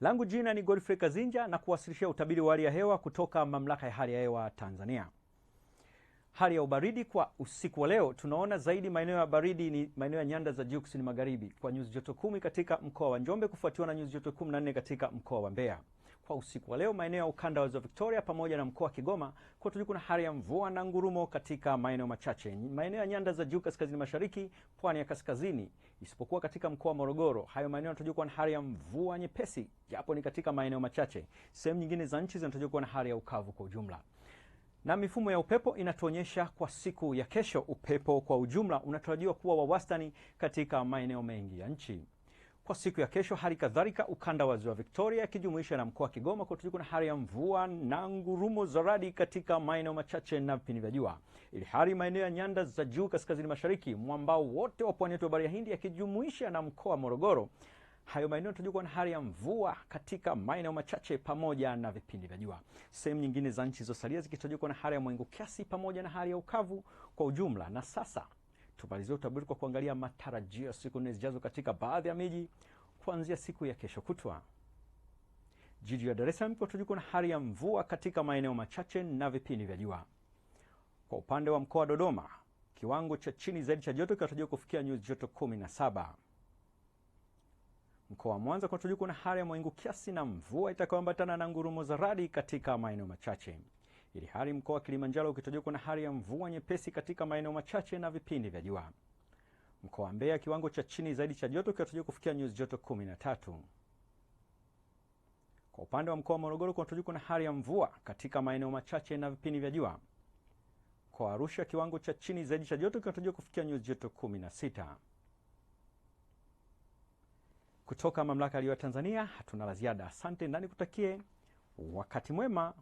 langu jina ni Godfrey Kazinja na kuwasilishia utabiri wa hali ya hewa kutoka Mamlaka ya Hali ya Hewa Tanzania. Hali ya ubaridi kwa usiku wa leo, tunaona zaidi maeneo ya baridi ni maeneo ya nyanda za juu kusini magharibi kwa nyuzi joto kumi katika mkoa wa Njombe kufuatiwa na nyuzi joto 14 katika mkoa wa Mbeya kwa usiku wa leo maeneo ya ukanda wa ziwa Victoria pamoja na mkoa wa Kigoma kutakuwa na hali ya mvua na ngurumo katika maeneo machache. Maeneo ya nyanda za juu kaskazini mashariki, pwani ya kaskazini, isipokuwa katika mkoa wa Morogoro. Hayo maeneo yanatarajiwa na hali ya mvua nyepesi, japo ni katika maeneo machache. Sehemu nyingine za nchi zinatarajiwa na hali ya ukavu kwa ujumla na mifumo ya upepo inatuonyesha kwa siku ya kesho, upepo kwa ujumla unatarajiwa kuwa wa wastani katika maeneo mengi ya nchi kwa siku ya kesho. Hali kadhalika ukanda wa ziwa Victoria ikijumuisha na mkoa wa Kigoma kutakuwa na hali ya mvua na ngurumo za radi katika maeneo machache na vipindi vya jua, ili hali maeneo ya nyanda za juu kaskazini mashariki, mwambao wote wa pwani yetu ya bahari ya Hindi yakijumuisha na mkoa wa Morogoro, hayo maeneo tutakuwa na hali ya mvua katika maeneo machache pamoja na vipindi vya jua. Sehemu nyingine za nchi zilizosalia zikitarajiwa kuwa na hali ya mawingu kiasi pamoja na hali ya ukavu kwa ujumla. Na sasa Tumalizie utabiri kwa kuangalia matarajio siku nne zijazo katika baadhi ya miji kuanzia siku ya kesho kutwa. Jiji la Dar es Salaam kutatokana na hali ya mvua katika maeneo machache na vipindi vya jua. Kwa upande wa mkoa wa Dodoma, kiwango cha chini zaidi cha joto kinatarajiwa kufikia nyuzi joto 17. Mkoa wa Mwanza kutatokana na hali ya mawingu kiasi na mvua itakayoambatana na ngurumo za radi katika maeneo machache ili hali mkoa wa Kilimanjaro ukitajwa na hali ya mvua nyepesi katika maeneo machache na vipindi vya jua. Mkoa wa Mbeya kiwango cha chini zaidi cha joto kinatajwa kufikia nyuzi joto 13. Kwa upande wa mkoa wa Morogoro kunatajwa na hali ya mvua katika maeneo machache na vipindi vya jua. Mkoa wa Arusha kiwango cha chini zaidi cha joto kinatarajiwa kufikia nyuzi joto 16. Kutoka mamlaka ya Tanzania hatuna la ziada. Asante na nikutakie wakati mwema.